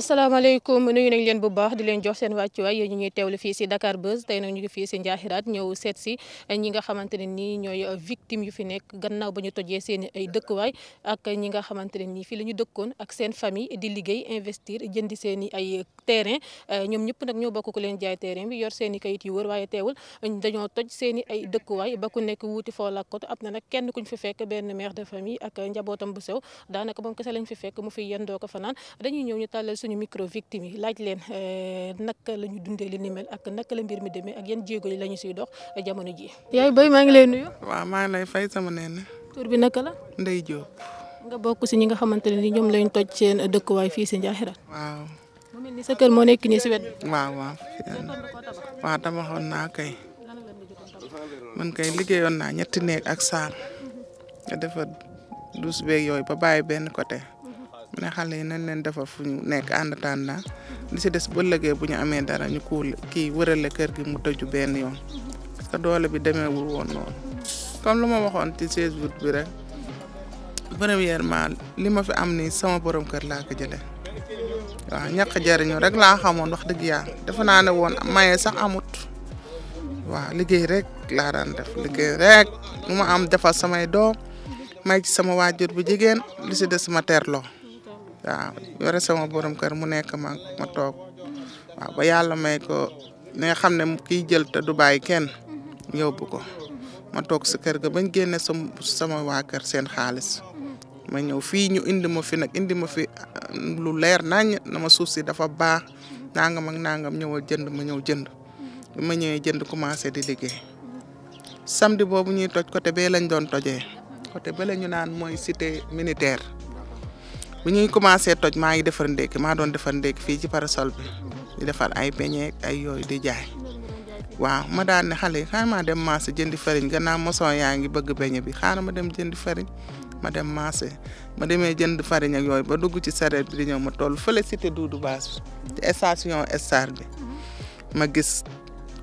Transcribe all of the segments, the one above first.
asalaamaaleykum nuyu nañ leen bu baax di leen jox seen wàccuwaay yéen ñu ñuy teewlu fii si Dakar Buzz tey nag ñu ngi fii si Njaaxiraat ñëw seet si ñi nga xamante ne nii ñooy victime yu fi nekk gannaaw ba ñu tojee seen ay dëkkuwaay ak ñi nga xamante ne nii fii la ñu dëkkoon ak seen famille di liggéey investir jëndi seen i ay terrain ñoom ñëpp nag ñoo bokk ku leen jaay terrain bi yor seen i kayit yu war waaye teewul dañoo toj seen i ay dëkkuwaay ba ku nekk wuuti foo lakkatu am na nag kenn kuñ fi fekk benn mère de famille ak njabootam bu sew daanaka moom kese lañ fi fekk mu fi yendoo ko fanaan dañuy ñëw ñu tàllal suñu micro victime yi laaj leen euh, naka la ñu dundee li ni mel ak naka la mbir mi demee ak yan jéego yi lañu ñu siy dox jamono ji yaay béy maa ngi lay nuyu. waaw maa ngi lay fay sama neen. tur bi naka la. Ndeye Diop. bokk si ñi nga xamante ne ni ñoom lañ toj seen dëkkuwaay fii si Njaaxira. waaw. moo nekk nii si wet bi. waaw waaw. waaw naa kay. man kay liggéeyoon naa ñetti néeg ak saal. nga defar douche beeg yooyu ba bàyyi benn côté. mu ne xale yi nañ leen defar fu ñu nekk en na li si des bu ëllëgee bu ñu amee dara ñu kuul kii wërale kër gi mu tëju benn yoon parce doole bi demeewul woon noonu comme lu ma waxoon ci 16 août bi rek premièrement li ma fi am nii sama borom kër laa ko jëlee waaw ñàkk jariñu rek laa xamoon wax dëgg yàlla defe naa ne woon maye sax amut waaw liggéey rek laa daan def liggéey rek mu ma am defa samay doom may ci sama waajur bu jigéen li si des ma terloo waaw yore sama borom kër mu nekk ma ma toog waaw ba yàlla may ko li xam ne kiy jël te du bàyyi kenn yóbbu ko ma toog si kër ga bañ génne sama sama waa kër seen xaalis ma ñëw fii ñu indi ma fi nag indi ma fi uh, lu leer nañ na ma suuf si dafa baax nangam ak nangam ñëwal jënd ma ñëw jënd ma ñëwee jënd commencé di liggéey samedi boobu ñuy toj côté bee lañ doon tojee côté ba la ñu naan mooy cité militaire. bu ñuy commencé toj maa ngi defar ndékki maa doon defar ndékki fii ci parasol bi di defar ay beñeek ay yooyu di jaay waaw ma daan ne xale yi xaaral maa dem marché jëndi farine gannaaw moson yaa ngi bëgg beñe bi xaaral ma dem jënd fariñ ma dem marché ma demee jënd fariñ ak yooyu ba dugg ci sareet bi di ñëw ma toll fële cité Doudou Bass bi ci station Star bi ma gis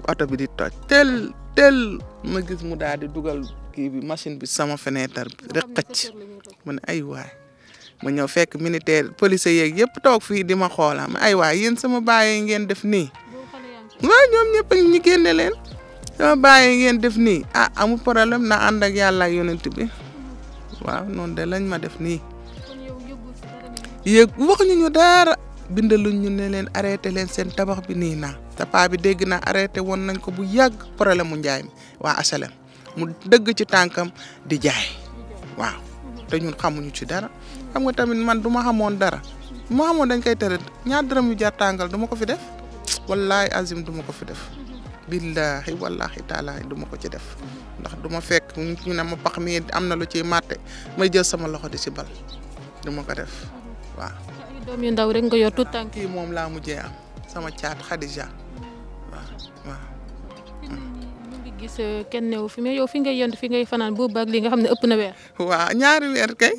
oto bi di toj tel tel ma gis mu daal di dugal kii bi machine bi sama fenêtre bi rek xëcc ne ay waay ma ñëw fekk militaire police yeeg yëpp toog fii di ma xoolaam ma ay waa yéen sama bàyyi ngeen def nii waaw ñoom ñëpp ñu génne leen sama bàyyi ngeen def nii ah amu problème na ànd ak yàlla ak yonent bi waaw noonu de lañ ma def nii yëg waxuñu ñu dara bindaluñ ñu ne leen arrêté leen seen tabax bi nii naa te paa bi dégg naa arrêté woon nañ ko bu yàgg problème mu njaay mi waa asalem mu dëgg ci tànkam di jaay waaw te ñun xamuñu ci dara xam nga tamit man du ma xamoon dara bu ma xamoon dañ koy tere ñaar dërëm yu jar tàngal du ma ko fi def wallahi azim du ma ko fi def billahi wallahi taalahi du ma ko ci def ndax du ma fekk ñu ne ma pax mi am na lu ciy màtte may jël sama loxo di sibal bal du ma ko def waaw. doom yu ndaw rek nga yor tout tànk yi moom laa mujjee am sama caat Khadija. gis euh, kenn newu fi mais yow fi ngay yend fi ngay fanaan boobu baag lii nga xam ne ëpp na weer. waaw ñaari weer kay.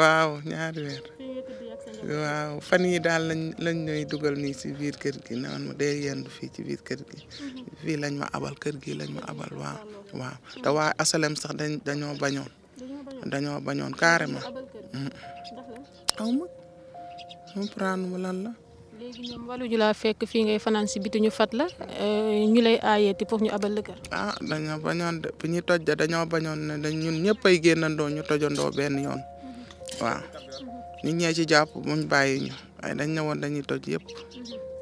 waaw ñaari weer. waaw fan yi daal lañ lañ ñooy dugal nii ci biir kër gi naan ma yendu fii ci biir kër gi mhm. fii lañ ma abal kër gi lañ ma abal waaw waaw waa asalem sax dañ dañoo bañoon dañoo bañoon carrément xaw ma comprendre mu lan la léegi ñoom fekk fii ngay fanaan si biti ñu fat la euh, ñu lay aayeeti pour ñu abal la kër. Ah, ñuy toj dañoo bañoon ne ñun ñëpp ay génnandoo ñu tojandoo benn yoon waaw mhm. nit ñee jàpp muñ bàyyi woon dañuy toj yëpp.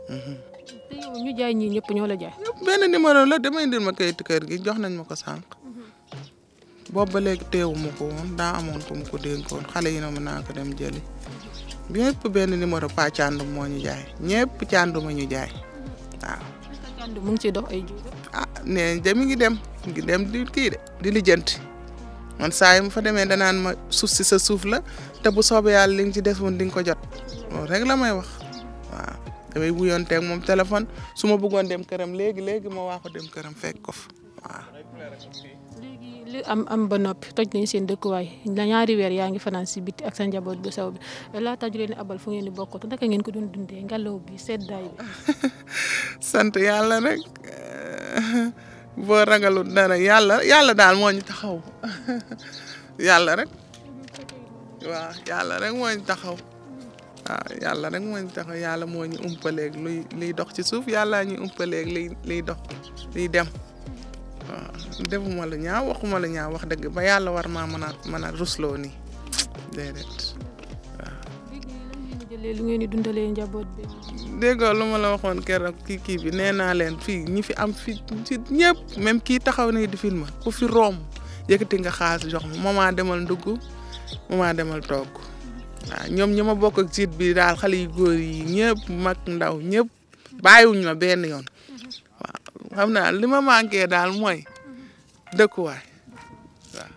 Mhm. jaay ñii ñëpp ñoo la jaay. benn numéro la damay indil ma kayitu kër gi jox nañ ma ko sànq. Mhm. boobu ba léegi teewu ma ko daa amoon ku mu ko xale yi na mën naa ko dem jëli. ñëpp benn numéro Pa Thiandoum moo ñu jaay ñëpp Thiandoum ma ñu jaay waaw. Thiandoum mu ciy dox ay jiw. ah nee de mi ngi dem mi dem di kii de di lijjanti man saa yi mu fa demee danaan ma suuf si sa suuf la te bu soobee yàlla li nga ci des woon di nga ko jot loolu rek la may wax waaw damay wuyonteeg moom téléphone su ma bëggoon dem këram léegi léegi ma waa ko dem këram fekk ko fa waaw. li am am ba noppi toj nañu seen dëkkuwaay la ñaari weer yaa ngi fanaan si biti ak sa njaboot bu saw bi laata ju leen abal fu ngeen di bokkatu naka ngeen ko doon dundee ngelaw bi seddaay bi. sant yàlla rek boo ragalut dara yàlla yàlla daal moo ñu taxaw yàlla rek waaw yàlla moo ñu taxaw. waaw yàlla rek moo ñu taxaw yàlla moo ñu umpaleeg luy liy dox ci suuf yàlla ñuy umpaleeg liy liy dox liy dem. defuma lu ñaaw waxuma lu ñaaw wax dëgg ba yàlla war maa mën a mën a rusloo nii déedéet waaw. waxoon keroog kii kii bi nee naa leen fii ñi fi am fi ci ñëpp même kii taxaw nii di film ku fi room yëkkati nga xaalis jox ma maman demal ndugg maman demal togg waaw ñoom ñi ma bokk ak jiit bi daal xale yu góor yi ñëpp mag ndaw ñëpp bàyyiwuñ ma benn yoon. xam naa li ma manqué daal mooy dëkkuwaay waaw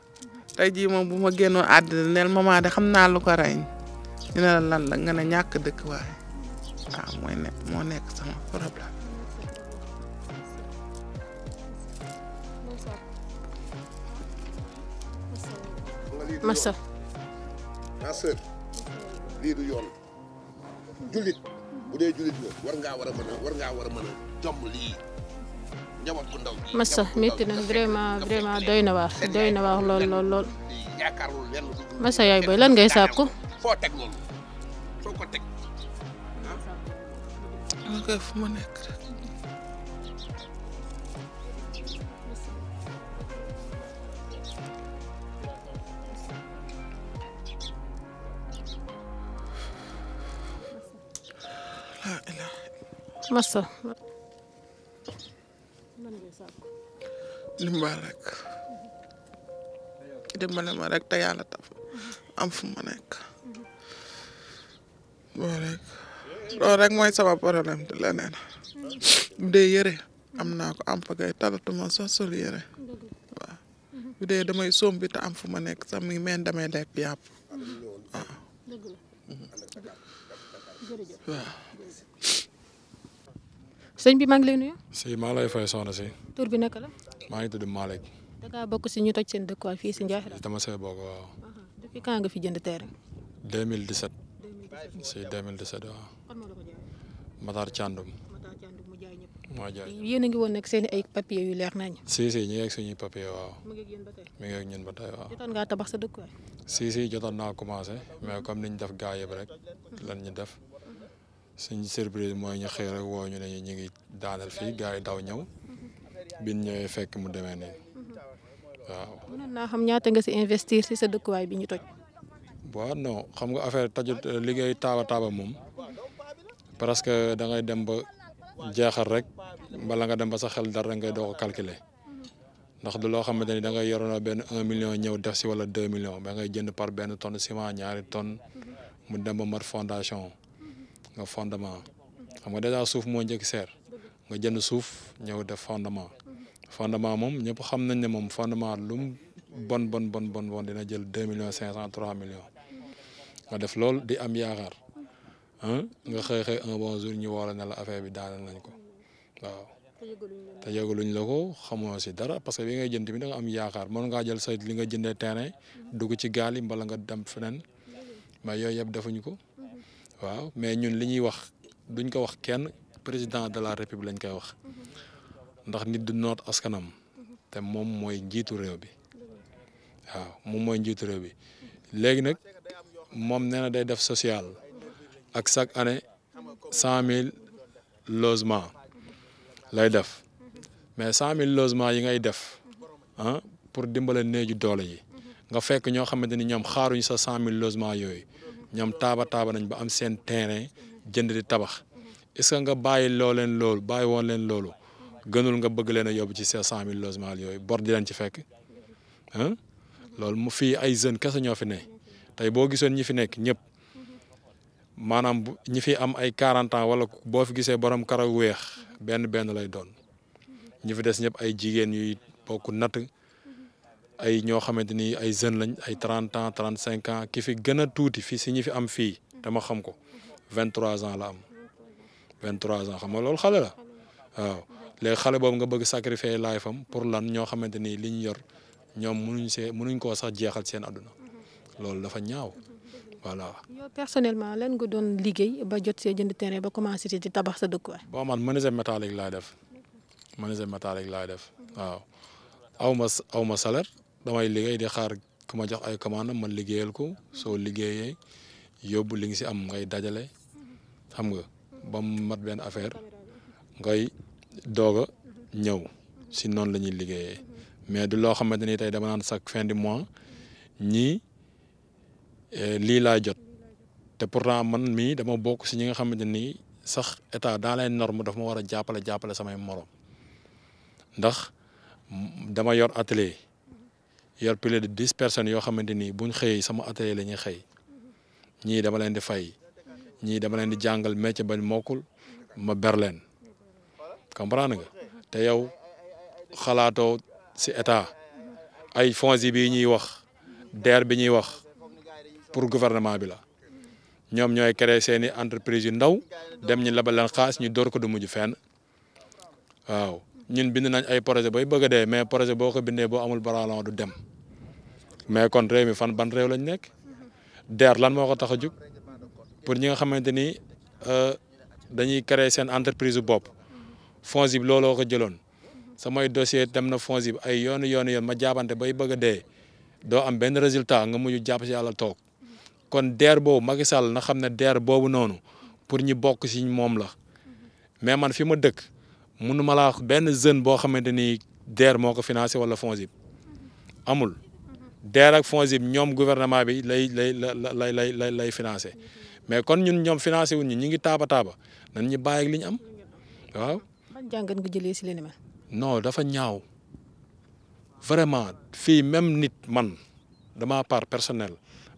tey jii moom bu ma génnoon àddina neel maman de xam naa lu ko rey ñu nga ne ñàkk dëkkuwaay waaw mooy ne moo nekk sama problème. masa massa métti na vraiment vraiment doy na waar doy na waar lool lool lool massa yaay booy lan ngay sàkku. ok ma nekk rek. massa. dimbal rek dimbale ma rek te yàlla taf am fu ma nekk loolu rek loolu rek mooy sama problème di leneen bu dee yëre am naa ko am pagay talatuma sax sol yëre waaw bu dee damay soom bi te am fu ma nekk sax mi ngi mel ni damay lekk yàpp bi maa ngi lay nuyu. si maa lay fay soxna si. tur bi maa ngi tudd Malick. da ngaa bokk si ñu toj seen dëkkuwaay fii si Ndiakhirate. dama see bokk waaw. Uh-huh. depuis quand nga fi jënd terrain. 2017. 2017 si 2017 waaw. kon moo la ko jaayee. Matar Thiandoum. mu jaay ñëpp. moo jaay ngi woon nekk seen ay papiers yu leer nañ. si si ñu ngi ak suñuy papiers waaw. mu ngi ak ñun ba tey waaw. jotoon ngaa tabax sa dëkkuwaay. si si jotoon naa commencé mais comme ni ñu def gaa yëpp rek. Uh-huh. lan ñu def. suñ surprise mooy ñu xëy rek woo ñu ne ñu ngi daaneel fii gaa yi daw ñëw biñ ñëwee fekk mu demee nii waaw. naa xam ñaata nga si investir si sa dëkkuwaay bi ñu toj. waaw non xam nga affaire tajut euh, liggéey taaba taaba moom parce que da ngay dem ba jeexal rek bala nga dem ba sa xel dara ngay doo ko calculer ndax du loo xamante ne da ngay yoroon benn un million ñëw def si wala deux million ba ngay jënd par benn tonne ciment ñaari tonne mu dem ba mat fondation nga fondement xam nga déjà suuf moo njëkk seer nga jënd suuf ñëw def fondement fondement moom ñëpp xam nañ ne moom fondement lu mu bon bon bon bon bon dina jël deux millions cinq cent trois millions nga def lool di am yaakaar nga xëy xëy un ñu woo la ne la affaire bi daaneel nañ ko waaw. te yëgaluñ la ko xamoo si dara parce que bi ngay jënd bi da nga am yaakaar mën ngaa jël sa li nga jëndee terrain dugg ci gaal yi mbala nga dem feneen mais yooyu yëpp defuñ ko mm-hmm. waaw mais ñun li ñuy wax duñ ko wax kenn président de la république lañ koy wax. ndax nit du noot askanam te moom mooy njiitu réew bi waaw moom mooy njiitu réew bi léegi nag moom nee na day def social ak chaque année cent mille logements lay def mais cent mille logements yi ngay def ah pour dimbale néeju doole yi nga fekk ñoo xamante ni ñoom xaaruñu sa cent mille logements yooyu ñoom taaba taaba nañ ba am seen terrain jënd di tabax est nga bàyyi loo leen loolu bàyyi woon leen loolu gënul nga bëgg leen a yóbbu ci cinq cent mille logement yooyu bor di leen ci fekk loolu mu fii ay jeunes kese ñoo fi ne tey boo gisoon ñi fi nekk ñëpp maanaam ñi fi am ay quarante ans wala boo fi gisee borom karaw weex benn benn lay doon ñi fi des ñëpp ay jigéen yuy bokk natt ay ñoo xamante ni ay jeunes lañ ay trente ans trente cinq ans ki fi gën a tuuti fii si ñi fi am fii te ma xam ko vingt trois ans la am vingt trois ans xam nga loolu xale la waaw. léegi xale boobu nga bëgg sacrifier life am pour lan ñoo xamante ni li ñu yor ñoom mënuñ see mënuñ koo sax jeexal seen adduna loolu dafa ñaaw voilà. yow personnellement lan nga doon liggéey ba jot see jënd terrain ba commencé ci tabax sa dëkk boo man menuiserie métallique laay def menuiserie métallique laay def waaw aw ma aw ma salaire damay liggéey di xaar ku ma jox ay commande man liggéeyal ko soo liggéeyee yóbbu li nga si am ngay dajale xam nga ba mat benn affaire ngay. doog a ñëw si noonu lañuy ñuy liggéeyee mais du loo xamante ni tey dama naan chaque fin du mois ñii eh, lii laa jot te pourtant man mii dama bokk si ñi nga xamante nii sax état dans les norme daf ma war a jàppale jàppale samay moroom ndax dama yor atelier yor plus de dix personnes yoo xamante ni buñ xëyee sama atelier la ñuy xëy ñii dama leen di fay ñii dama leen di jàngal métier bañ mokkul ma ber leen comprendre nga te yow xalaatoo si état ay fonds bi bii ñuy wax DER bi ñuy wax pour gouvernement bi la ñoom ñooy créer seeni entreprise yu ndaw dem ñu lebal leen xaas ñu door ko du mujj feen waaw ñun bind nañ ay projet bay bëgg a dee mais projet boo ko bindee boo amul baralon du dem mais kon réew mi fan ban réew lañ nekk DER lan moo ko tax a jug pour ñi nga xamante ni euh, dañuy créer seen entreprise bu bopp FONGIP bi looloo ko jëloon samay dossier dem na FONGIP bi ay yoonu yoonu yoon ma jaabante bay bëgg a dee doo am benn résultat nga mujj jàpp si yàlla toog kon DER boobu Macky Sall na xam ne DER boobu noonu pour ñi bokk si moom la mais man fi ma dëkk mënu ma laa benn jeune boo xamante ni DER moo ko financé wala FONGIP amul DER ak FONGIP ñoom gouvernement bi lay lay lay lay lay lay financé mais kon ñun ñoom financé wuñ ñu ñu ngi taaba taaba na ñu bàyyi li ñu am waaw. ban jàngat nga jëlee si li ni dafa ñaaw vraiment fii même nit man dama part personnel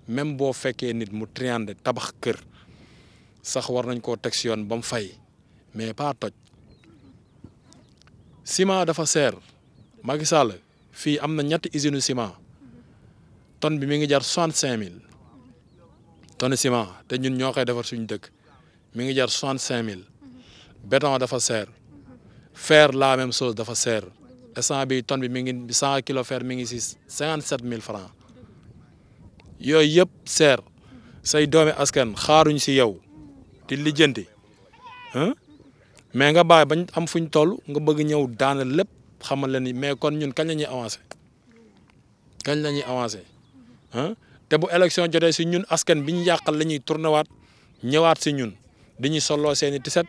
même boo fekkee nit mu triande tabax kër sax war nañ koo teg si yoon ba mu fay mais pas toj ciment dafa seer Macky Sall fii am na ñetti usine ciment tonne bi mi ngi jar soixante cinq mille tonne ciment te ñun ñoo koy defar suñu dëkk mi ngi jar soixante cinq mille béton dafa seer. fer la même sos dafa seer essence bi tonne bi mi ngi cent kilo fer mi ngi si cinquante sept mille francs yooyu yëpp seer say doome askan xaaruñ si yow di lijjanti mais nga bàyyi bañ am fu ñu toll nga bëgg ñëw daana lépp xamal la ni mais kon ñun kañ lañuy ñuy avancé kañ la ñuy avancé te bu élection jotee si ñun askan bi ñu yàqal la ñuy tourné waat ñëwaat si ñun di ñu solloo seen tiset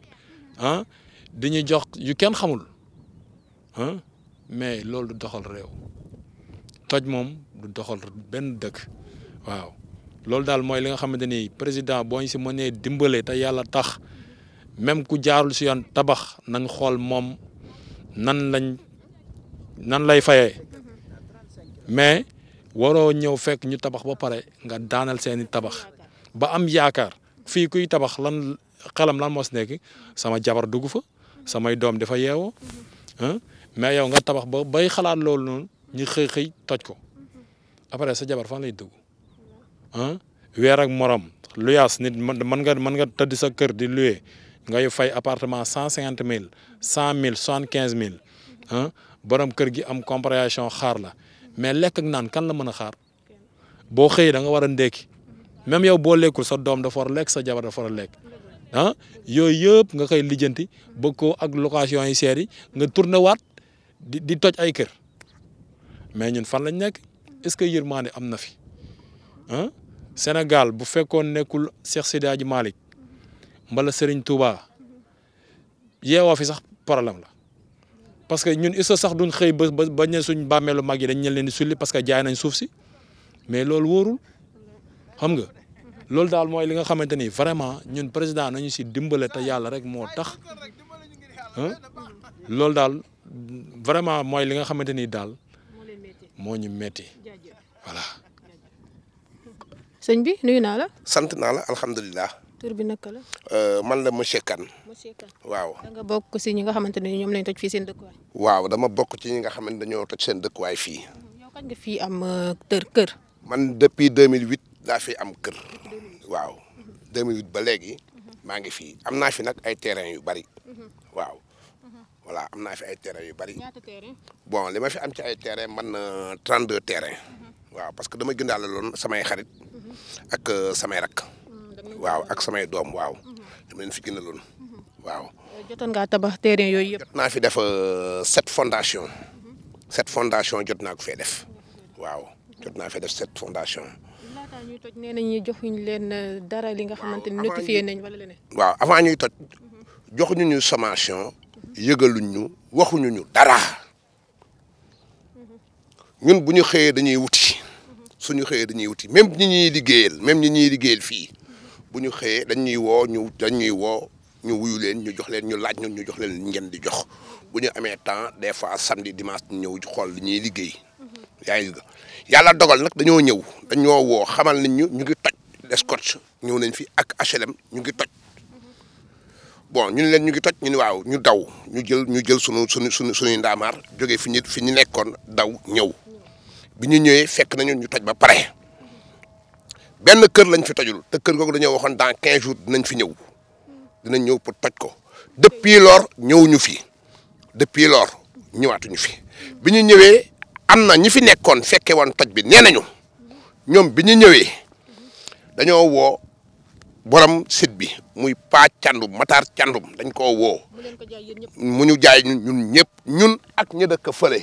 ah dañuy jox yu kenn xamul mais loolu du doxal réew toj moom du doxal benn dëkk waaw loolu daal mooy li nga xamante ni président boo ñu si mënee dimbalee te yàlla tax même ku jaarul si yoon tabax nan xool moom nan lañ nan lay fayee mais waroo ñëw fekk ñu tabax ba pare nga daanal seeni tabax ba am yaakaar fii kuy tabax lan xelam lan moo si nekk sama jabar dugg fa samay doom dafa yeewoo ah, mais yow nga tabax ba bay xalaat loolu noonu ñu xëy xëy toj ko après sa jabar fan lay dugg ah weer ak morom luyaas nit mën nga mën nga tëdd sa kër di luye ngay fay appartement cent cinquante mille cent mille soixante quinze mille ah borom kër gi am compréhension xaar la mais lekk ak naan kan la mën a xaar boo xëyee da nga war a ndékki même yow boo lekkul sa doom dafa war a lekk sa jabar dafa war a lekk ah yooyu yëpp nga koy lijjanti bëgg ko ak location yi seer yi nga tourné waat di di toj ay kër mais ñun fan lañ nekk est-ce que yërmande am na fi ah Sénégal bu fekkoon nekkul Cheikh Seydi Hadji Malick mbala Serigne Touba yeewoo fi sax problème la parce que ñun est-ce que sax duñ xëy ba ba ñe suñ bàmmeelu mag yi dañ ñe leen di sulli parce que jaay nañ suuf si mais loolu wóorul xam nga. loolu daal mooy li nga xamante ni vraiment ñun président nañu si dimbale te yàlla rek moo tax loolu daal vraiment mooy li nga xamante ni daal moo ñu metti voilà. sëñ bi nuyu naa la. sant naa la alxamdulillah tur bi naka la. Euh, man la monsieur Kane. monsieur waaw. da nga bokk si ñu nga xamante ne ñoom lañ toj fii seen dëkkuwaay. waaw dama bokk ci ñi nga xamante ne dañoo toj seen dëkkuwaay fii. yow kañ am kër euh, kër. man depuis 2008 daa fi am kër waaw 2008 ba léegi maa ngi fii am naa fi nag ay terrain yu bari waaw voilà am naa fi ay terrain yu bari bon li ma fi am ci ay terrain man na 32 terrain waaw parce que dama jëndaale loon samay xarit ak euh, samay rakk waaw ak samay doom waaw dama leen fi gënaloon waaw. jotoon ngaa tabax terrain yooyu yëpp. jot naa fi def euh, sept fondation sept fondation jot naa ko fee def waaw jot naa fee def sept fondation. avant ñuy toj nee nañ joxuñ leen euh, dara li nga xamante ni notifié nañ wala leneen. waaw avant ñuy toj mhm. joxuñu ñu sommation yëgaluñ ñu waxuñu ñu dara mhm. ñun bu ñu xëyee dañuy wuti mhm. suñu xëyee dañuy wuti même ñi ñuy liggéeyal même ñi ñuy liggéeyal fii bu ñu xëyee dañ ñuy woo ñu dañ ñuy woo ñu leen ñu jox leen ñu laaj ñun ñu jox leen ngeen di jox bu ñu amee temps des fois samedi dimanche ñu ñëw xool li ñuy liggéey yàlla dogal nag dañoo ñëw dañoo woo xamal nañ ñu ñu ngi toj Descotch ñëw nañ fi ak HLM ñu ngi toj bon ñu ne leen ñu ngi toj ñu ne waaw ñu daw ñu jël ñu jël sunu sunu sunu sunuy ndaamaar jógee fi ñu fi ñu nekkoon daw ñëw bi ñu ñëwee fekk nañu ñu toj ba pare benn kër lañ fi tojul te kër googu dañoo waxoon dans quinze jours dinañ fi ñëw dinañ ñëw pour toj ko depuis lors ñëw ñu fi depuis lors ñëwaatuñu fi bi ñu ñëwee. am na ñi fi nekkoon fekke woon toj bi nee nañu ñoom bi ñu ñëwee dañoo woo borom sit bi muy paa candum mataar candum dañ koo woo mu ñu jaay ñun ñëpp ñun ak ñi dëkk fële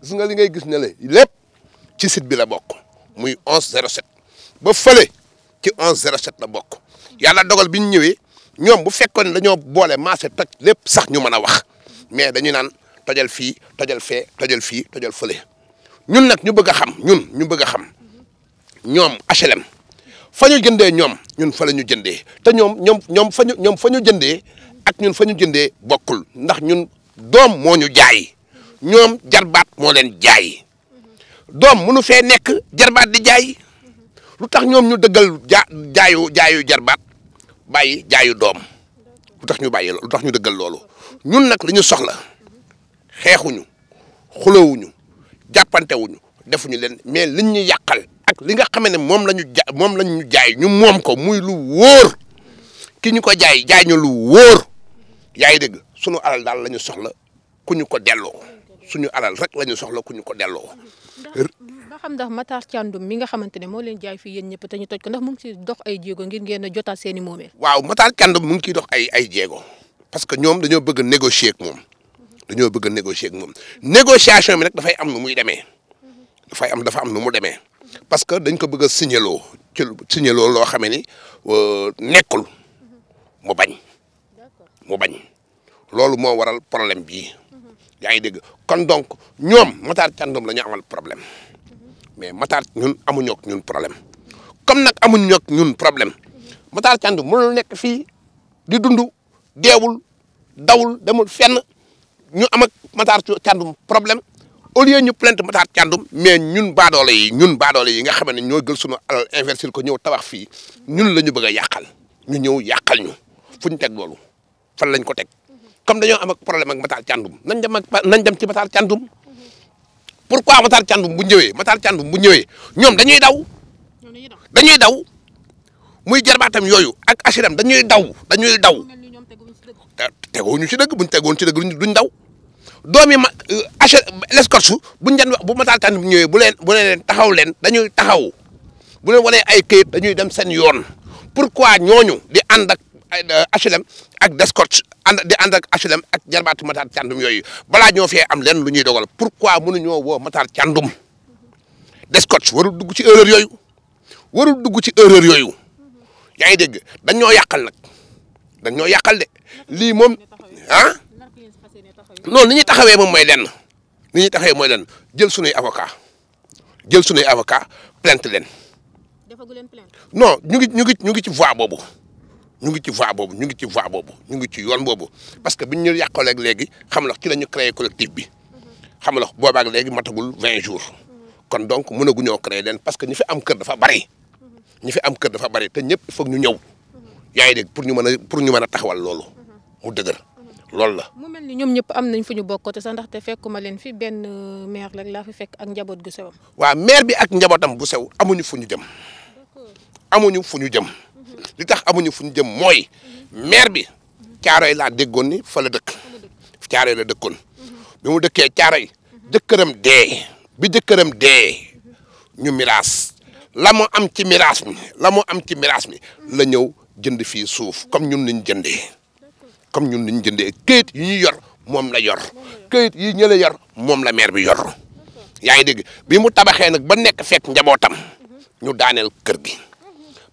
gis nga li ngay gis ne lépp ci sit bi la bokk muy 1107 ba fële ci 1107 la bokk yàlla dogal bi ñu ñëwee ñoom bu fekkoon dañoo boole maase toj lépp sax ñu mën a wax mais dañu naan tojal fii tojal fee tojal fii tojal fële ñun nag ñu bëgg a xam ñun ñu bëgg a xam ñoom HLM fa ñu jëndee ñoom ñun fa la ñu jëndee te ñoom ñoom fa ñu ñoom fa jëndee ak ñun fa ñu jëndee bokkul ndax ñun doom moo ñu jaay ñoom jarbaat moo leen jaay doom mënu fee nekk jarbaat di jaay lu tax ñoom ñu dëggal jaayu jarbaat bàyyi jaayu doom lu tax ñu bàyyi lu tax ñu dëggal loolu ñun nag lañu soxla xeexuñu xulawuñu jàppantewuñu defuñu leen mais liñ ñu yàqal ak li nga xamee ne moom la ñu ja moom lañ ñu jaay ñu moom ko muy lu wóor ki ñu ko jaay jaay ñu lu wóor yaa ngi dégg suñu alal daal la ñu soxla ku ñu ko delloo suñu alal rek la ñu soxla ku ñu ko delloo. ba xam ndax Matar Thiandoum mi nga xamante ne moo leen jaay fii yéen ñëpp te ñu toj ko ndax mu ngi ciy dox ay jéego ngir ngeen a jotaat seeni i moomeel. waaw Matar Thiandoum mu ngi ciy dox ay ay jéego parce que ñoom dañoo bëgg négocier ak moom. dañoo bëgg a négocier ak moom négociation bi nag dafay am nu muy demee dafay am dafa am nu mu demee parce que dañ ko bëgg a signaloo ci signaloo loo xamee ni euh, nekkul mu bañ mu bañ loolu moo waral problème bii yaa ngi dégg kon donc ñoom Matar Thiandoum la ñu amal problème mais Matar ñun amuñu ñun problème comme nag amuñu ak ñun problème Matar Thiandoum mënul nekk fii di dund deewul dawul demul fenn ñu am ak Matar Thiandoum problème au lieu ñu plainte Matar Thiandoum mais ñun baadoole yi ñun baadoole yi nga xam ne ñoo gël suñu alal investir ko ñëw tabax fii ñun la ñu bëgg a yàqal ñu ñëw yàqal ñu fu ñu teg loolu fan lañ ko teg comme dañoo am ak problème ak Matar Thiandoum nañ dem ak nañ dem ci Matar Thiandoum pourquoi Matar Thiandoum bu ñëwee Matar Thiandoum bu ñëwee ñoom dañuy daw dañuy daw muy jarbaatam yooyu ak asiram dañuy daw dañuy daw teguwuñu ci dëgg buñ teguwoon ci dëgg duñ daw doom yi ma achet euh, l'escorte buñ jan bu Matar Kane bu ñëwee bu leen bu leen taxaw leen dañuy taxaw bu leen wanee ay këyit dañuy dem seen yoon pourquoi ñooñu di ànd ak HLM ak Descorte ànd di ànd ak HLM ak jarbaatu Matar Thiandoum yooyu balaa ñoo fee am leen lu ñuy dogal pourquoi mënuñoo woo Matar Thiandoum Descorte warul dugg ci erreur yooyu warul dugg ci erreur yooyu yaa ngi dégg dañ ñoo yàqal nag dañ ñoo yàqal de lii moom ah non ni ñuy taxawee moom mooy lenn ni ñuy taxawee mooy leen jël sunuy avocat jël sunuy avocat plainte leen non ñu ngi ñu ngi ñu ngi ci voie boobu ñu ngi ci voie boobu ñu ngi ci voie boobu ñu ngi ci yoon boobu parce que biñ ñu yàqool ak léegi xam la ci la ñu créé collectif bi xam la boobaak léegi matagul vingt jours kon donc mënaguñoo créé leen parce que ñu fi am kër dafa bari ñu fi am kër dafa bari te ñëpp il ñu ñëw yaa ngi dégg pour ñu mën a pour ñu mën a taxawal loolu mhm. mu dëgër loolu la. mu mel ni ñoom ñëpp am nañ fu ñu bokkate sax ndaxte fekkuma leen fi benn euh, maire rek laa fi fekk ak njaboot gu sewam. waaw maire bi ak njabootam bu sew amuñu fu ñu jëm amuñu fu ñu jëm mhm. li tax amuñu fu ñu jëm mooy mhm. maire bi caaroy laa déggoon ni fa la dëkk caaroy la dëkkoon bi mu dëkkee caaroy jëkkëram dee bi jëkkëram dee ñu miraas la mu am ci miraas mi la mu am ci miraas mi la ñëw. jënd fii suuf comme ñun niñ jëndee comme ñun niñ jëndee këyit yi ñuy yor moom la yor këyit yi ñële yor moom la maire bi yor yaa ngi dégg bi mu tabaxee nag ba nekk fekk njabootam ñu daaneel kër gi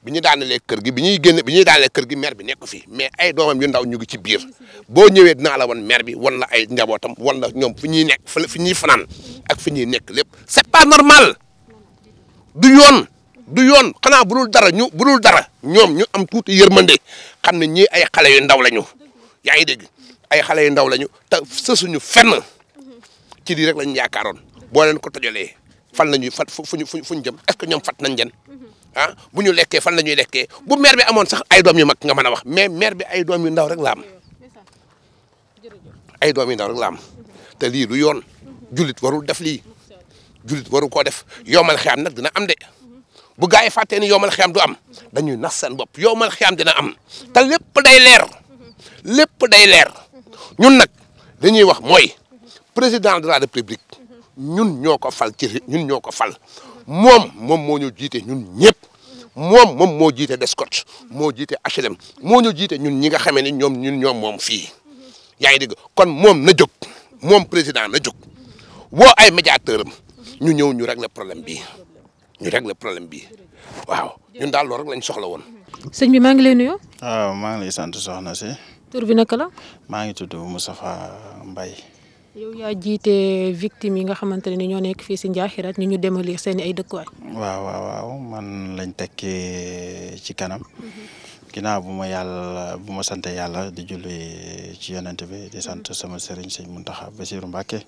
bi ñu daanelee kër gi bi ñuy génn bi ñuy daanelee kër gi maire bi nekk fii mais ay doomam yu ndaw ñu ci biir boo ñëwee dinaa la wan maire bi wan la ay njabootam wan la ñoom fi ñuy nekk fi ñuy fanaan ak fi ñuy nekk lépp c'est pas normal du yoon du yoon xanaa bu dul dara ñu bu dul dara ñoom ñu am tuuti yërmande xam ne ñii ay xale yu ndaw lañu yaa ngi dégg ay xale yu ndaw lañu te sësuñu fenn ci lii rek lañu yaakaaroon boo leen ko tojalee fan la ñuy fat fuñu fuñu jëm est-ce que ñoom fat nañ jën ah bu ñu lekkee fan la ñuy lekkee bu maire bi amoon sax ay doom yu mag nga mën a wax mais maire bi ay doom yu ndaw rek la am ay doom yu ndaw rek la am te lii du yoon jullit warul def lii jullit warul koo def yomal xeam nag dina am de. bu gars yi fàttee ni yowmal xiyaam du am dañuy nax seen bopp yowmal xiyaam dina am te lépp day leer lépp day leer ñun nag dañuy wax mooy président de la république ñun ñoo ko fal ci ñun ñoo ko fal moom moom moo ñu jiite ñun ñëpp moom moom moo jiite Descote moo jiite HLM moo ñu jiite ñun ñi nga xamee ni ñoom ñun ñoom moom fii yaa ngi dégg kon moom na jóg moom président na jóg woo ay médiateur am ñu ñëw ñu na problème bii ñu régler problème bi waaw ñun daal loolu rek lañ soxla woon. sëñ bi maa ngi lay nuyoo. waaw maa ngi lay sant soxna si. tur bi naka la. maa ngi tudd Moustapha Mbaye. yow jiite victime yi nga xamante ne ñoo nekk fii si Njaaxiraat ñu ñu démolir seen ay dëkk waaw waaw waaw man lañ tekki ci kanam. ginnaaw bu ma yàlla bu ma sant yàlla di julli ci yonent bi di sant sama sëriñ sëñ Mountakha Bassirou Mbacké.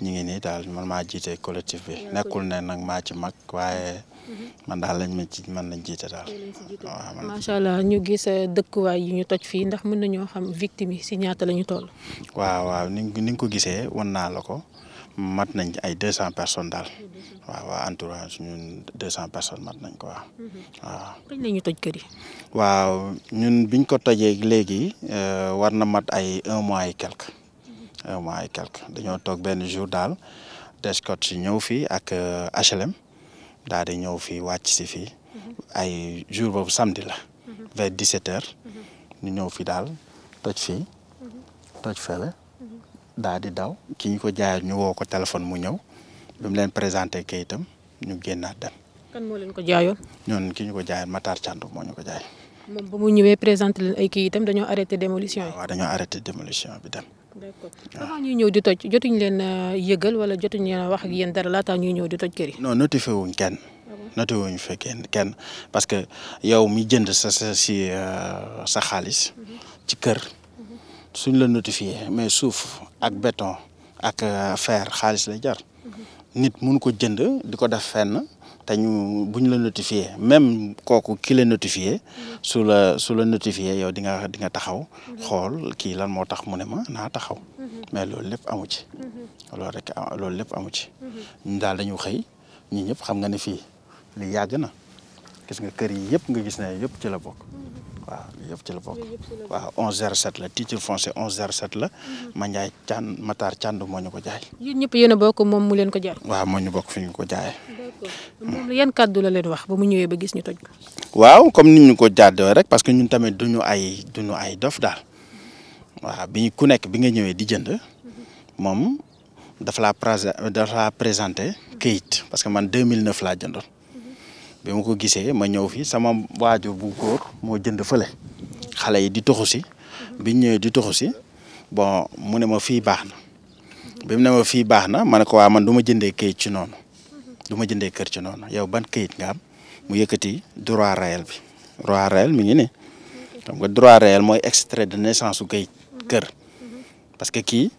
ñu ngi nii daal man maa jiite collectif bi nekkul ne nag maa ci mag waaye. Mm-hmm. man daal lañ ma ci mën nañ jiite daal. waaw macha allah ñu gis eh, dëkkuwaay yi ñu toj fii ndax mën nañu xam victime yi si ñaata la ñu toll. waaw waaw ni ni ko gisee wan naa la ko mat nañ ay deux cent personnes daal. waaw waaw entourage ñun deux cent personnes mat nañ ko waaw. Mm-hmm. waaw kañ ñu toj kër yi. waaw ñun biñ ko tojee léegi eh, war na mat ay un mois quelque. un euh, mois et dañoo toog benn jour daal Descott si ñëw fii ak HLM euh, daal di ñëw fii wàcc si fii mm-hmm. ay jour boobu samedi la mm-hmm. vers 17 heures mm-hmm. ñu ñëw fi daal toj fii toj fële daal di daw ki ñu ko jaayal ñu woo ko téléphone mu ñëw bi mu leen présenté kayitam ñu génnaat dem. kan moo leen ko jaayoon. ñoon ki ñu ko jaayoon Matar Thiandou moo ñu ko jaay. moom ba mu ñëwee présenté leen ay kayitam dañoo arrêté démolition yi. waaw dañoo arrêté démolition bi dem. d'accord ah. ñuy ñëw di toj jotuñ leen euh, yëgal wala jotuñ leen wax ak yéen dara laataa ñuy ñëw di toj kër yi. non notifié wuñ kenn. Ah notifié wuñ fa kenn parce que yow mi jënd sa sa si euh, sa xaalis. Mhm. ci kër mhm. suñ la notifié mais suuf ak béton ak euh, fer xaalis lay jar. Mhm. nit mun ko jënd di ko def fenn. te ñu bu ñu la notifié même kooku ki la notifié su la su la notifié yow di nga di nga taxaw xool kii lan moo tax mu ne ma naa taxaw mais loolu lépp amu ci loolu rek loolu lépp amu ci daal dañu xëy ñii ñëpp xam nga ne fii li yàgg na gis nga kër yi yëpp nga gis ne yëpp ci la bokk waaw yëpp ci la bokk waaw 1107 la titre foncier 1107 la. Mhm. Mandiaye Thian Matar Thiandou moo ñu ko jaay. yéen ñëpp yéen a bokk moom mu leen ko jaay. waaw moo ñu bokk fi ñu ko jaayee. d'accord yan kàddu la leen wax ba mu ñëwee ba gis ñu toj ko. waaw comme ni ñu ko jàddoo rek parce que ñun tamit duñu ay duñu ay dof daal waaw bi ku nekk bi nga ñëwee di jënd moom dafa laa dafa laa présenté mhm. këyit parce que man 2009 laa jëndoon. bi ma ko gisee ma ñëw fi sama waajur bu góor moo jënd fële xale yi di toxu si biñ ñëwee di toxu si bon mu ne ma fii baax na bi mu ne ma fii baax na ma ne ko waa man du ma jëndee këyit ci noonu du ma jëndee kër ci noonu yow ban këyit nga am mu yëkkati droit réel bi droit réel mi ngi ne xam nga droit réel mooy extrait de naissance su këyit kër parce que kii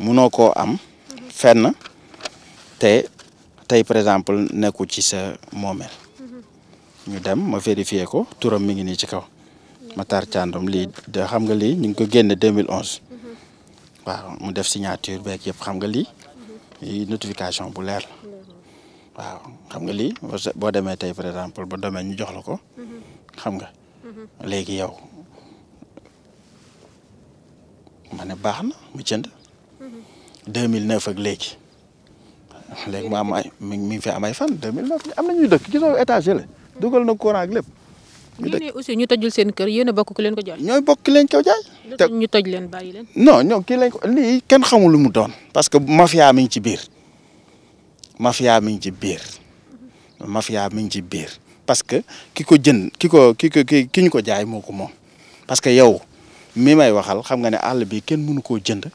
munoo koo am fenn te tey par exemple nekku ci sa moomeel ñu dem ma vérifier ko turam mi ngi nii ci kaw Matar Thiandoum lii de xam nga lii ñu ngi ko génne 2011 waaw mu def signature beeg yëpp xam nga lii lii notification bu leer la waaw xam nga lii boo demee tey par exemple ba demee ñu jox la ko xam nga léegi yow ma ne baax na mu jënd 2009 ak léegi léegi mu am ay mi ngi fi am ay fan 2009 am na ñuy dëkk gisoo la dugal na courant ak lépp. ñu aussi ñu tojul seen kër yéen a bokk ku leen ko jaay. ñooy bokk leen ko jaay. te ñu toj leen bàyyi leen. non ñoom kii ko kenn xamul lu mu doon. parce que mafia mi ngi ci biir mafia mi ngi ci biir mafia mi ngi ci biir parce que ki ko jën ki ko ki ki ñu ko jaay moo ko moom parce que yow mi may waxal xam nga ne àll bi kenn munu koo jënd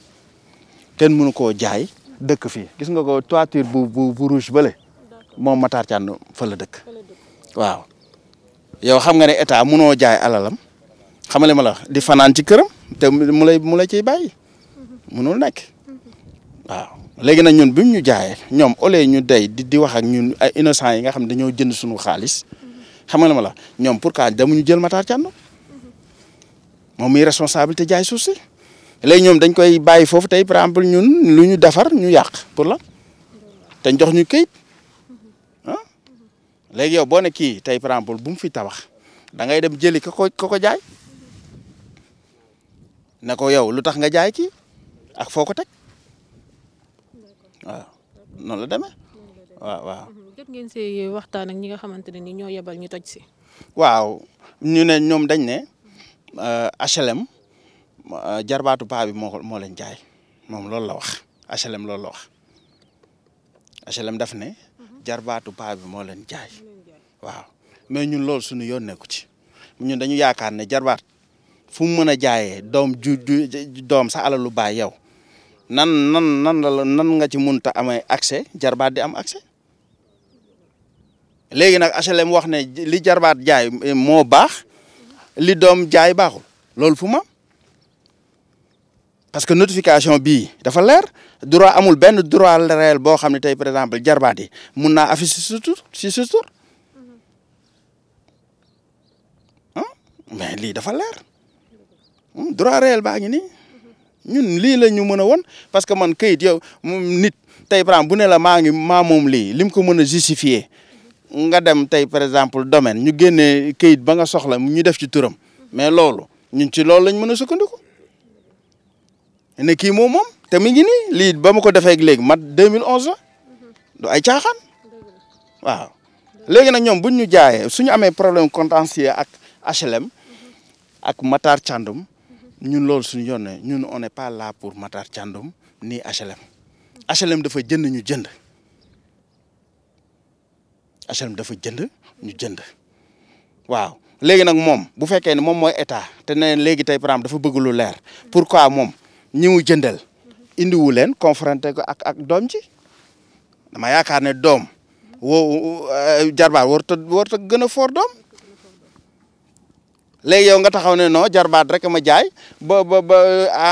kenn mënu koo jaay. dëkk fii gis nga ko toiture bu bu bu rouge bële moom Matar Thiam fa la dëkk. waaw yow xam nga ne état munoo jaay alalam xam nga ma la di fanaan ci këram te mu lay mu lay ciy bàyyi munul nekk waaw léegi nag ñun bi ñu jaayee ñoom ole ñu day di di wax ak ñun ay innocent yi nga xam ne dañoo jënd suñu xaalis xam nga li ma la ñoom pour ka damuñu jël Matar Thiandoum moom muy responsabilité jaay suuf si léegi ñoom dañ koy bàyyi foofu tey par exemple ñun lu ñu defar ñu yàq pour la te jox ñu këyit. léegi yow boo ne kii tey par exemple bu mu fi tabax da ngay dem jëli ko ka ko jaay ne ko yow lu tax nga jaay kii ak foo ko teg waaw noonu la demee waaw waaw. Mhm, ngeen si waxtaan ak ñi nga xamante ne ni ñoo yebal ñu toj si. waaw ñu ne ñoom dañ ne HLM euh, euh, jarbaatu paa bi moo moo jaay moom loolu la wax HLM loolu la wax HLM daf ne. jarbaatu paa bi moo leen jaay waaw mais ñun lool suñu yoon nekku ci ñun dañu yaakaar ne jarbaat fu mu mën a jaayee doom ju doom sa alalu baay yow nan nan nan la nan nga ci munta amee accès jarbaat di am accès léegi nag HLM wax ne li jarbaat jaay moo baax li doom jaay baaxu loolu fu ma parce que notification bii dafa leer droit amul benn droit réel boo xam ne tey par exemple jarbaadi yi mun naa afficher surtout si surtout ah mais lii dafa leer mm, droit réel baa ngi ni ñun lii la ñu mën a won parce que man kayit yow nit tey par exemple bu ne la maa ngi maa moom lii lim ko mën a justifier nga dem tey par exemple domaine ñu génnee kayit ba nga soxla ñu def ci turam mais loolu ñun ci loolu lañ mën a sukkandiku ne moom moom te mi ngi nii lii ba mu ko defee léegi mat 2011 la du ay caaxaan waaw léegi nag ñoom buñ ñu jaayee suñu amee problème contentieux ak HLM ak Matar Thiandoum ñun loolu suñu yónnee ñun on n'est pas là pour Matar Thiandoum ni HLM HLM dafa jënd ñu jënd HLM dafa jënd ñu jënd waaw léegi nag moom bu fekkee ne moom mooy état te ne léegi tey par exemple dafa bëgg lu leer pour pourquoi moom ñi mu jëndal indiwu leen confronté ko ak ak doom ci dama yaakaar ne doom woo eh, jarbaat warut a gën a foor doom léegi yow nga taxaw ne noo jarbaat rek ma jaay ba ba ba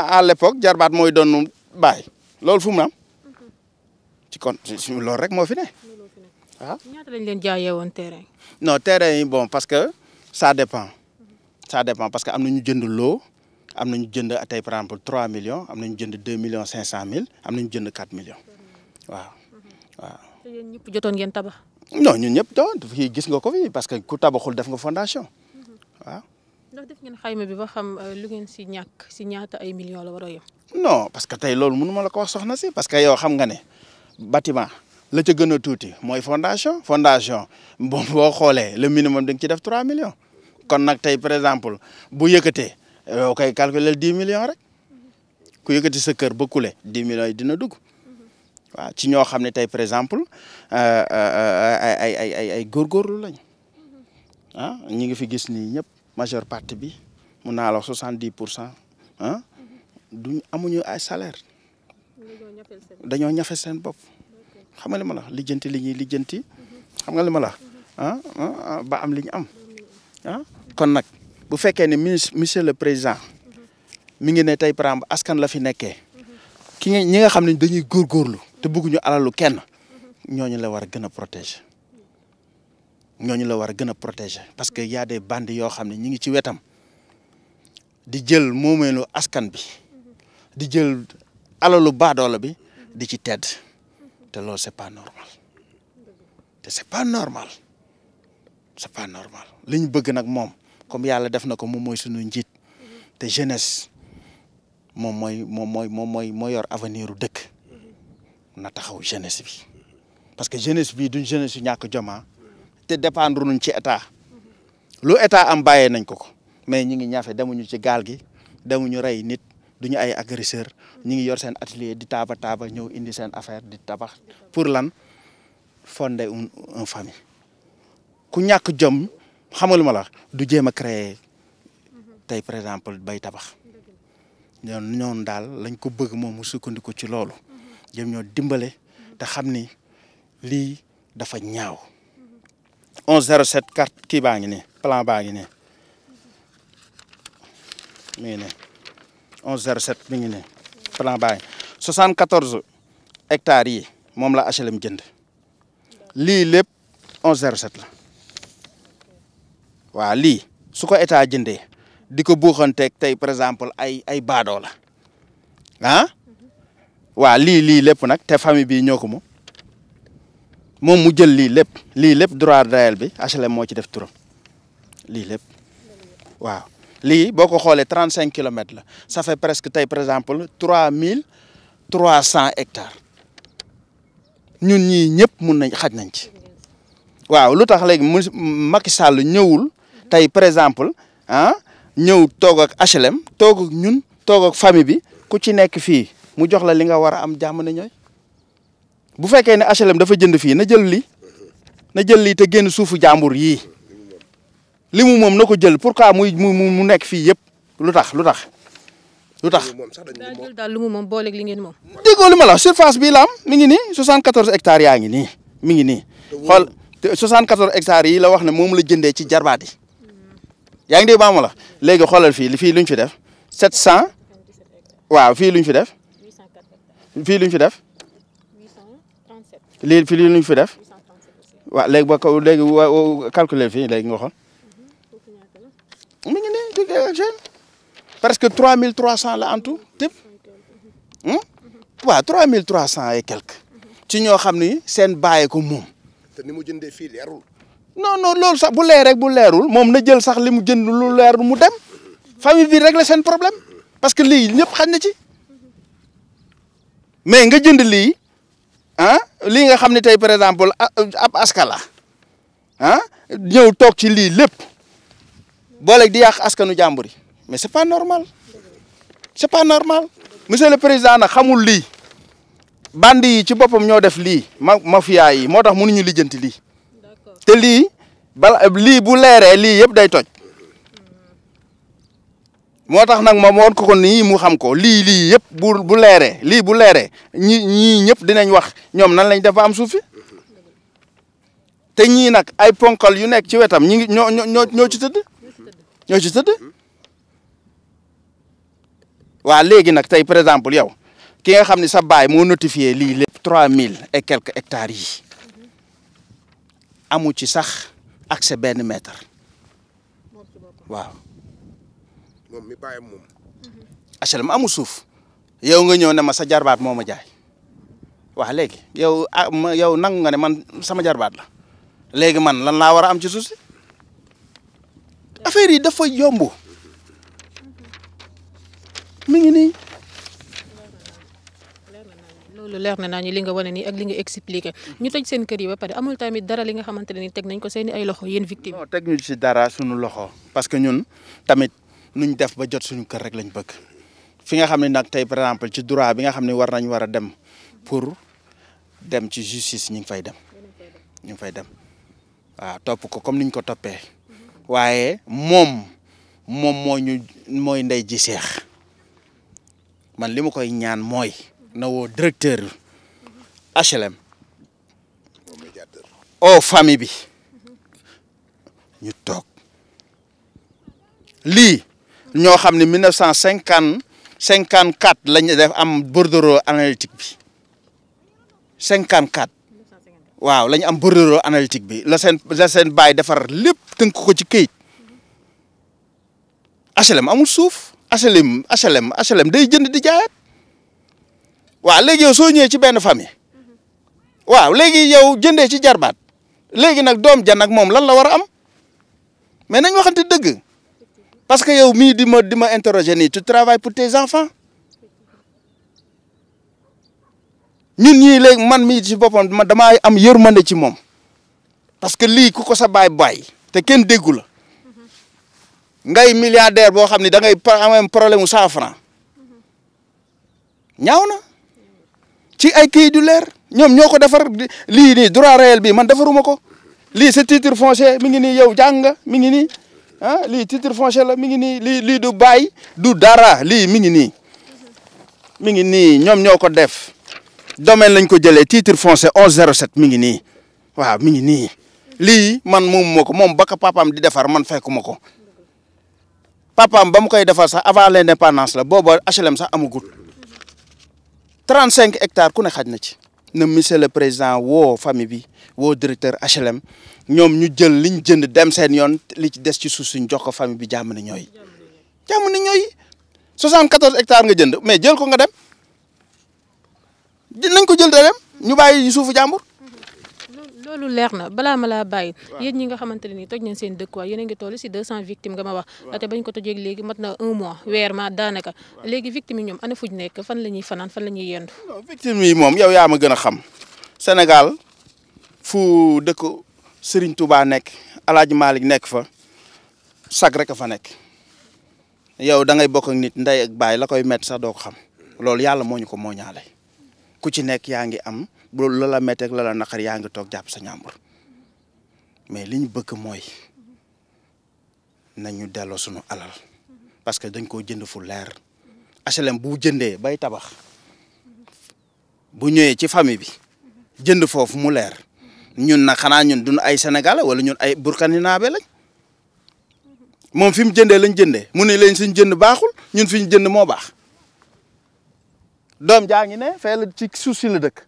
à l'époque jarbaat mooy doon baay loolu fu mu ci kon loolu rek moo fi ne a ah. ñaata lañ leen jaayee woon terrain. non terrain yi bon parce que ça dépend ça dépend parce que am na ñu jënd loo. am nañu jënd tey par exemple trois millions am nañu jënd deux millions cinq cent mille am nañu jënd quatre millions waaw waaw. te ñëpp jotoon ngeen tabax. non ñun ñëpp doon fii gis nga ko fii parce que ku tabaxul def nga fondation waaw. ndax ngeen xayma bi ba xam euh, si ñàkk si ñaata ay millions la war a yem. non parce que tey loolu mënu ma la ko wax soxna si parce que yow xam nga ne bâtiment la ca gën a tuuti mooy fondation fondation boo boo xoolee le minimum da nga ci def trois millions kon nag tey par exemple bu yëkkatee. yow kay calculer dix millions rek ku yëkkati sa kër ba kule dix millions yi dina dugg waaw ci ñoo xam ne tey par exemple ay euh, euh, euh, ay ay ay ay góorgóorlu lañ ah ñi ngi fi gis nii ñëpp majeure partie bi mun naa la wax soixante dix pour cent ah duñ amuñu ay salaire dañoo ñafe seen bopp xam nga li ma la lijjanti li ñuy lijjanti xam nga li ma la ah, ah, ah ba am li am ah. kon nag. bu fekkee ne ministre monsieur le président mi ngi ne tey par exemple askan la fi nekkee ki nga ñi nga xam ne dañuy góor góorlu te bëgguñu alalu kenn ñooñu la war a gën a protéger ñooñu la war a gën a protéger parce que y a des yoo xam ne ñi ngi ci wetam di jël moomeelu askan bi di jël alalu baadoola bi di ci tedd te loolu c'est pas normal te c'est pas normal c'est li ñu bëgg nag moom. comme yàlla def na ko moom mooy suñu njiit te jeunesse moom mooy moom mooy moom mooy moo yor avenir u dëkk na taxaw jeunesse bi parce que jeunesse bi duñ jeunesse yu ñàkk joma ah. te dépendre nuñ ci état lu état am bàyyee nañ ko ko mais ñi ngi ñafe demuñu ci gaal gi demuñu rey nit duñu ay agresseur ñi ngi yor seen atelier di taaba taaba ñëw indi seen affaire di tabax pour lan fonder une famille ku ñàkk jom xamal ma la du jéem a créer tey par exemple bay tabax ñoon daal lañ ko bëgg moom mu sukkandiku ci loolu jëm ñoo dimbale te xam ni lii dafa ñaaw 1107 carte kii baa ngi ne plan baa ngi ne mi ngi ne 1107 mi ngi ne plan baa ngi 74 hectares yi moom la HLM jënd lii lépp 1107 la waaw lii su ko état jëndee di ko buuxanteeg tey par exemple ay ay baadoo la ah waa lii lii lépp nag te famille bii ñoo ko moom moom mu jël lii lépp lii lépp droit réel bi HLM moo ci def turam lii lépp waaw lii boo ko xoolee trente cinq kilomètres la ça fait presque tey par exemple trois mille trois cent hectares ñun ñii ñëpp mun nañ xaj nañ ci waaw lu tax léegi mu Macky ñëwul tey par exemple ah ñëw toog ak HLM toog ak ñun toog ak famille bi ku ci nekk fii mu jox la li nga war a am jàmm na ñooy bu fekkee ne HLM dafa jënd fii na jël li na jël lii te génn suufu jàmbur yii li mu moom na ko jël pourquoi muy mu mu nekk fii yëpp lu tax lu tax lu tax. daal lu mu moom boole li ngeen moom. déggoo li ma la surface bii la am mi ngi nii 74 hectares yaa ngi nii mi ngi nii. xool 74 hectares yi la wax ne moom la jëndee ci jarbaat yi. yaa ngi dégg baax ma la léegi xoolal fii fii lu ñu fi def 700 waaw fii lu ñu fi def fii lu ñu fi def lii fii lu ñu fi def waa léegi ba kaw léegi calculer fii léegi nga xool mi ngi ne di jeune presque la en tout tëpp hmm? waaw 3300 et quelque ci ñoo xam ni seen bàyyi ko moom. ni mu jëndee fii non non loolu sax bu leer rek bu leerul moom na jël sax li mu jënd lu leer mu dem famille bi régler seen problème parce que lii ñëpp xañ na ci mais nga jënd lii ah lii nga xam ne tey par exemple ah, ab askala ah ñëw toog ci lii lépp boole di yàq askanu jàmbur yi mais c'est pas normal c'est pas normal monsieur le président na xamul lii bandi yi ci boppam ñoo def lii ma mafia yi moo tax mënuñu lijjanti lii. te lii bala lii bu leeree lii yëpp day toj moo tax nag moom woon ko ko nii mu xam ko lii lii yëpp bu bu leeree lii bu leeree ñi ñii ñëpp dinañ wax ñoom nan lañ def ba am suuf te ñii nag ay ponkal yu nekk ci wetam ñi ngi ñoo ñoo ñoo ci tëdd ñoo ci tëdd waa léegi nag tey par exemple yow ki nga xam ne sa baay moo notifié lii lépp trois mille et quelques hectares yi amu ci sax ak benn mètre waaw. moom mi bàyyi moom. HLM amul suuf yow nga ñëw ne ma sa jarbaat moo ma jaay waaw léegi yow ah yow nangu nga ne man sama jarbaat la léegi man lan laa war a am ci suuf si affaire yi dafa yombu mi ngi nii. loolu leer na nañu li nga wane nii ak li nga expliqué ñu toj seen kër yi ba pare amul tamit dara li nga xamante ne ni teg nañ ko seen ay loxo yéen victime. non teg ñu ci dara suñu loxo parce que ñun tamit nuñ def ba jot suñu kër rek lañ bëgg fi nga xam ne nag tey par exemple ci droit bi nga xam ne war nañ war a dem pour dem ci justice ñu ngi fay dem ñu ngi fay dem waaw topp ko comme niñ ko toppee waaye moom moom moo ñu mooy ndey ji seex man li ma koy ñaan mooy. na woo directeur HLM o oh, famille bi ñu toog lii ñoo xam ne mille neuf cent cinquante cinquante quatre lañu def am bordereau analytique bi cinquante quatre waaw lañ am bordereau analytique bi la seen baay defar lépp tënk ci këyit HLM amul suuf HLM HLM day jënd di jaayaat waaw léegi yow soo ñëwee ci benn famille mm-hmm. waaw léegi yow jëndee ci jarbaat léegi nag doom jan ak moom lan la war a am mais nañ waxante dëgg parce que yow mii dima ma di ma nii tu travailles pour tes enfants ñun ñii léegi man mii ci boppam ma damaa am yërmande ci moom parce que lii ku ko sa baay baay te kenn déggu la mm-hmm. ngay milliardaire boo xam ni da ngay amee problème mu cent mm-hmm. ñaaw na. ci ay kii du leer ñoom ñoo ko defar lii nii droit réel bi man defaruma ko lii c'est titre foncier mi ngi nii yow jàng nga mi ngi nii ah lii titre foncier la mi ngi nii lii lii du baay du dara lii mi ngi nii mi ngi nii ñoom ñoo ko def domaine lañ ko jëlee titre foncier 1107 mi ngi nii waaw mi ngi nii lii man moom ma ko moom baka ko di defar man fekuma ko papaam ba mu koy defar sax avant l'indépendance la booba HLM sax amagut 35 hectares ku ne xaj na ci na monsieur président woo famille bi woo directeur HLM ñoom ñu jël liñ jënd dem seen yoon li ci des ci suuf suñ jox ko famille bi jàmm na ñooy jàmm na ñooy 74 hectare nga jënd mais jël ko nga dem nañ ko jël da dem ñu bàyyi suufu jàmbur. loolu leer na balaa ma laa bàyyi yéen ñi nga xamante ne nii toj nañ seen dëkkuwaay yéen a ngi toll si 200 victimes nga ma wax te bañ ko tojeeg léegi mat na un mois weer ma daanaka léegi victimes yi ñoom ana fuñ nekk fan la ñuy fanaan fan la yendu victime yi moom yow yaa ma gën a xam Sénégal fu dëkk Serigne Touba nekk Alaaji Malick nekk fa sag rek a fa nekk yow da ngay bokk nit ndey ak baay la koy métti sax doo xam loolu yàlla moo ñu ko moo ñaale ku ci bu la la métteeg la la naqar yaa ngi toog jàpp sa ñàmbur mais li bëkk bëgg mooy nañu delloo suñu alal parce que dañ koo jënd fu leer HLM bu jëndee bay tabax bu ñëwee ci famille bi jënd foofu mu leer ñun nag xanaa ñun duñu ay sénégalais wala ñun ay naa burkinabé lañ moom fi mu jëndee lañ jëndee mu ne leen suñ jënd baaxul ñun fi jënd moo baax doom jaa ngi ne fee ci suuf si la dëkk.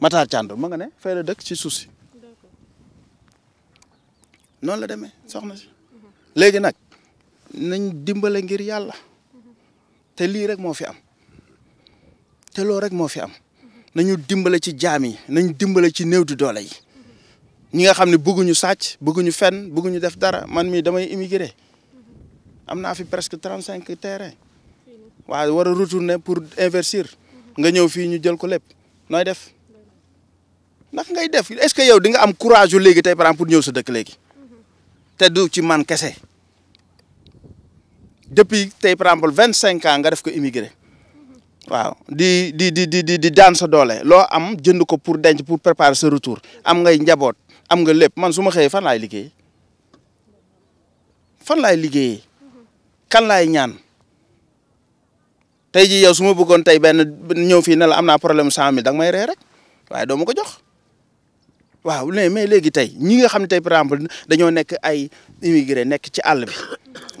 Matar Thiando ma nga ne fay la dëkk ci suuf si noonu la deme soxna si léegi nag nañ dimbale ngir yàlla te lii rek moo fi am te loolu rek moo fi am nañu dimbale ci jaam yi nañ dimbale ci néew di doole yi ñi nga xam ne bëgguñu sàcc bëgguñu fenn bëgguñu def dara man mii damay immigré am naa fi presque trente cinq terrain waaye war a retourner pour investir nga ñëw fii ñu jël ko lépp nooy def. ndax ngay def est-ce que yow di nga am courage yu léegi tey par exemple pour ñëw sa dëkk léegi te du ci man kese depuis tey par vingt cinq ans nga def ko immigré waaw di di di di di daan sa doole loo am jënd ko pour denc pour préparer sa retour am ngay njaboot am nga lépp man su ma xëyee fan laay liggéey fan laay liggéey kan laay ñaan tey jii yow su ma bëggoon tey benn ñëw fii na la am naa problème cent mille dang may ree rek waaye doo ma ko jox. waaw ne mais léegi tey ñi nga xam ne tey par exemple dañoo nekk ay immigré nekk ci àll bi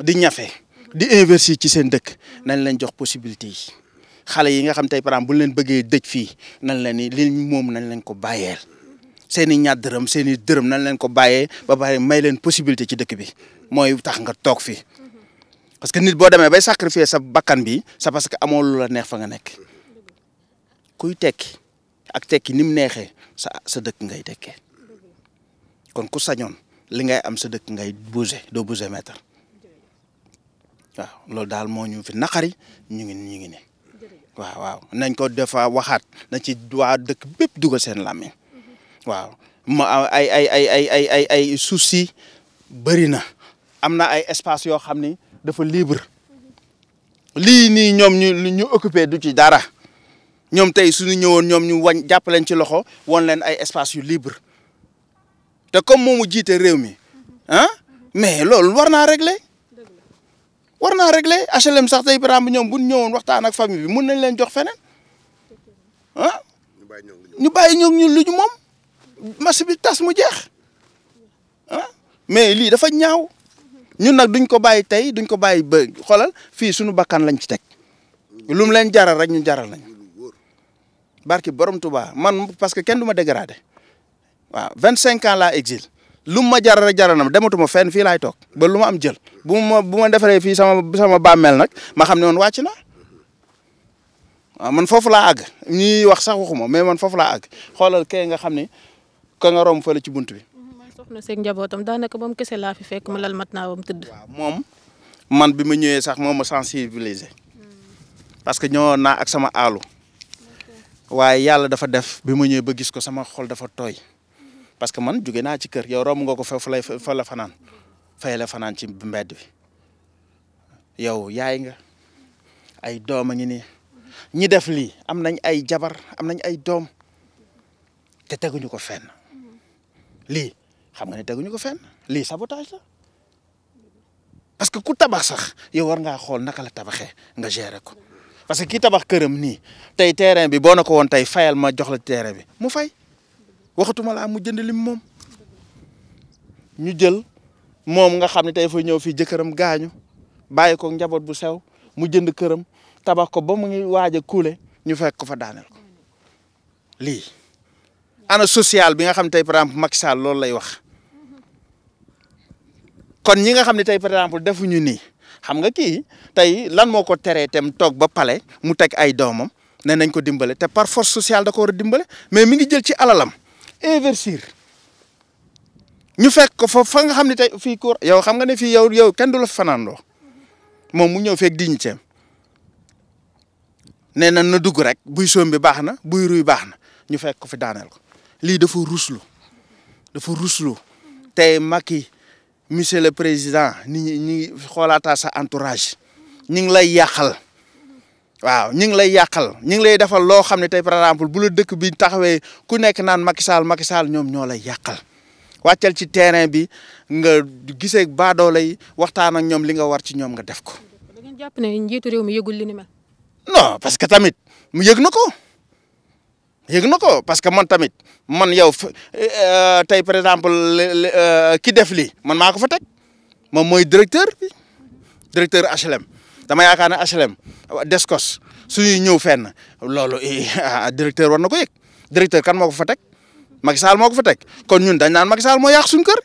di ñafe di investir ci seen dëkk nañ leen jox possibilité yi xale yi nga xam tey par exemple bu leen bëggee dëj fii nañ leen ni li moom nañ leen ko bàyyeel seen i ñaar dërëm seen i dërëm nañ leen ko bàyyee ba pare may leen possibilité ci dëkk bi mooy tax nga toog fii parce que nit boo demee bay sacrifier sa bakkan bi sa parce que amoo lu la neex fa nga nekk kuy tekki ak tekki ni mu neexee sa sa dëkk ngay tekkee kon ku sañoon li ngay am sa dëkk ngay bouger doo bouger mètre waaw loolu daal moo ñu fi naqari ñu ngi ñu ngi ne waaw waaw nañ ko des fois ah, waxaat na ci waa dëkk bépp dugal seen làmmiñ waaw ma ah, ay ay ay ay ay ay suuf si bëri na am na ay espace yoo xam ni dafa libre lii nii ñoom ñu ñu du ci dara ñoom tey suñu ñëwoon ñoom ñu wañ jàppaleen ci loxo won leen ay espace yu libre te comme moomu jiite réew mi ah mais loolu war naa régler war naa régler HLM sax tey par exemple ñoom bu ñu ñëwoon waxtaan ak famille bi mun nañ leen jox feneen ah ñu bàyyi ñoom ñu lu ñu moom marché bi tas mu jeex ah mais lii dafa ñaaw ñun nag duñ ko bàyyi tey duñ ko bàyyi ba fii suñu bakkan lañ ci teg lu leen jaral rek ñu jaral lañ barki borom Touba man parce que kenn du ma dégradé waaw vingt cinq ans laa exil lu ma jaral jaranam dematuma feen fii laay toog ba lu ma am jël bu ma ma defaree fii sama sama bàmmeel nag ma xam ne woon wàcc na waaw man foofu laa àgg ñuy wax sax waxuma mais man foofu laa àgg xoolal kee nga xam ne ka nga romb fële ci bunt bi. man soxna Seck njabootam daanaka moom kese laa fi fekk mu lal mat naa wam tëdd. moom man bi ma ñëwee sax moom ma sensibiliser hmm. parce que ñëwoon naa ak sama aalu. waaye yàlla dafa def bi ma ñëwee ba gis ko sama xool dafa tooy parce que man jóge naa ci kër yow romb nga ko fa fa lay fa la fanaan fay la fanaan ci mbedd bi yow yaay nga ay doom a ngi nii ñi def lii am nañ ay jabar am nañ ay doom te teguñu ko fenn lii xam nga ne teguñu ko fenn lii sabotage la parce que ku tabax sax yow war ngaa xool naka la tabaxee nga gérer ko. parce que ki tabax këram nii tey terrain bi boo na ko woon tey fayal ma jox la terrain bi mu fay waxatuma laa mu jënd lim moom ñu jël moom nga xam ne tey fa ñëw fii jëkkëram gaañu bàyyi ko njaboot bu sew mu jënd këram tabax ko ba mu ngi waaj a kuule ñu fekk ko fa daaneel ko lii ana sociale bi nga xam ne tey par exemple Macky Sall lay wax kon ñi nga xam ne tey par exemple defuñu nii xam nga kii tey lan moo ko teree tem toog ba pale mu teg ay doomam ne nañ ko dimbale te par force sociale da ko war a dimbale mais mi ngi jël ci alalam investir ñu fekk ko fa fa nga xam ne tey fi ko yow xam nga ne fii yow yow kenn du la fa fanaandoo moom mu ñëw fekk dignité am nee na na dugg rek buy soom bi baax na buy ruy baax na ñu fekk ko fi daaneel ko lii dafa ruslu dafa ruslu tey Macky monsieur le président ni ñi ñu ngi xoolaataa sa entourage ñu ngi lay yàqal waaw ñu ngi lay yàqal ñu ngi lay defal loo xam ne tey par exemple bu la dëkk bi taxawee ku nekk naan Macky Sall Macky Sall ñoom ñoo lay yàqal wàccal ci terrain bi nga giseek baadoolo yi waxtaan ak ñoom li nga war ci ñoom nga def ko. da ngeen jàpp mi yëgul li ni mel. parce que tamit mu yëg na ko. yëg na ko parce que man tamit man yow euh, tey par exemple euh, ki def lii man maa ko fa teg moom mooy directeur bi directeur HLM dama yaakaar ne HLM Descos suñuy ñëw fenn loolu eh, directeur war na ko yëg directeur kan moo ko fa teg Macky Sall moo ko fa teg kon ñun dañ naan Macky Sall moo yàq suñu kër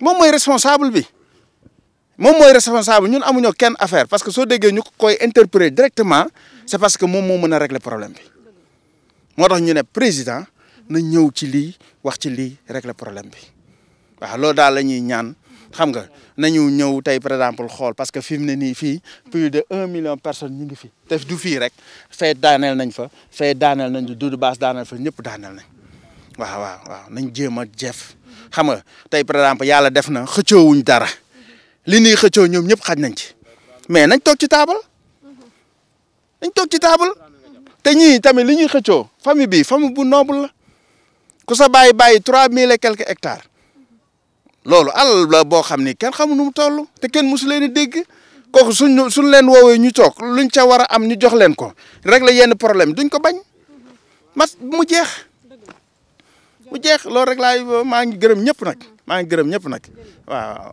moom mooy responsable bi moom mooy responsable ñun amuñoo kenn affaire parce que soo déggee ñu koy interpréter directement c'est parce que moom moo mën a régler problème bi. moo tax ñu ne président na ñëw ci lii wax ci lii régler problème bi waaw loolu daal la ñuy ñaan xam nga nañu ñëw tey par exemple xool parce que fi mu ne nii fii plus de un million personnes ñu ngi fi te du fii rek fee daaneel nañ fa fee daaneel nañ Doudou Bass daaneel fa ñëpp daaneel nañ waaw waaw waaw nañ jéem a jeef xam nga tey par exemple yàlla def na xëccoowuñ dara li ñuy xëccoo ñoom ñëpp xaj nañ ci mais nañ toog ci taabal nañ toog ci taabal te ñii tamit li ñuy xëccoo famille bi famille bu noble la ku sa bàyyi bàyyi trois mille et quelques loolu alal la boo xam ni kenn xamu nu mu toll te kenn mosu leen a dégg kooku suñ suñ leen woowee ñu toog luñ ca war a am ñu jox leen ko rek la yenn problème duñ ko bañ mat mu jeex mu jeex loolu rek laay maa ngi gërëm ñëpp nag maa ngi gërëm ñëpp nag waaw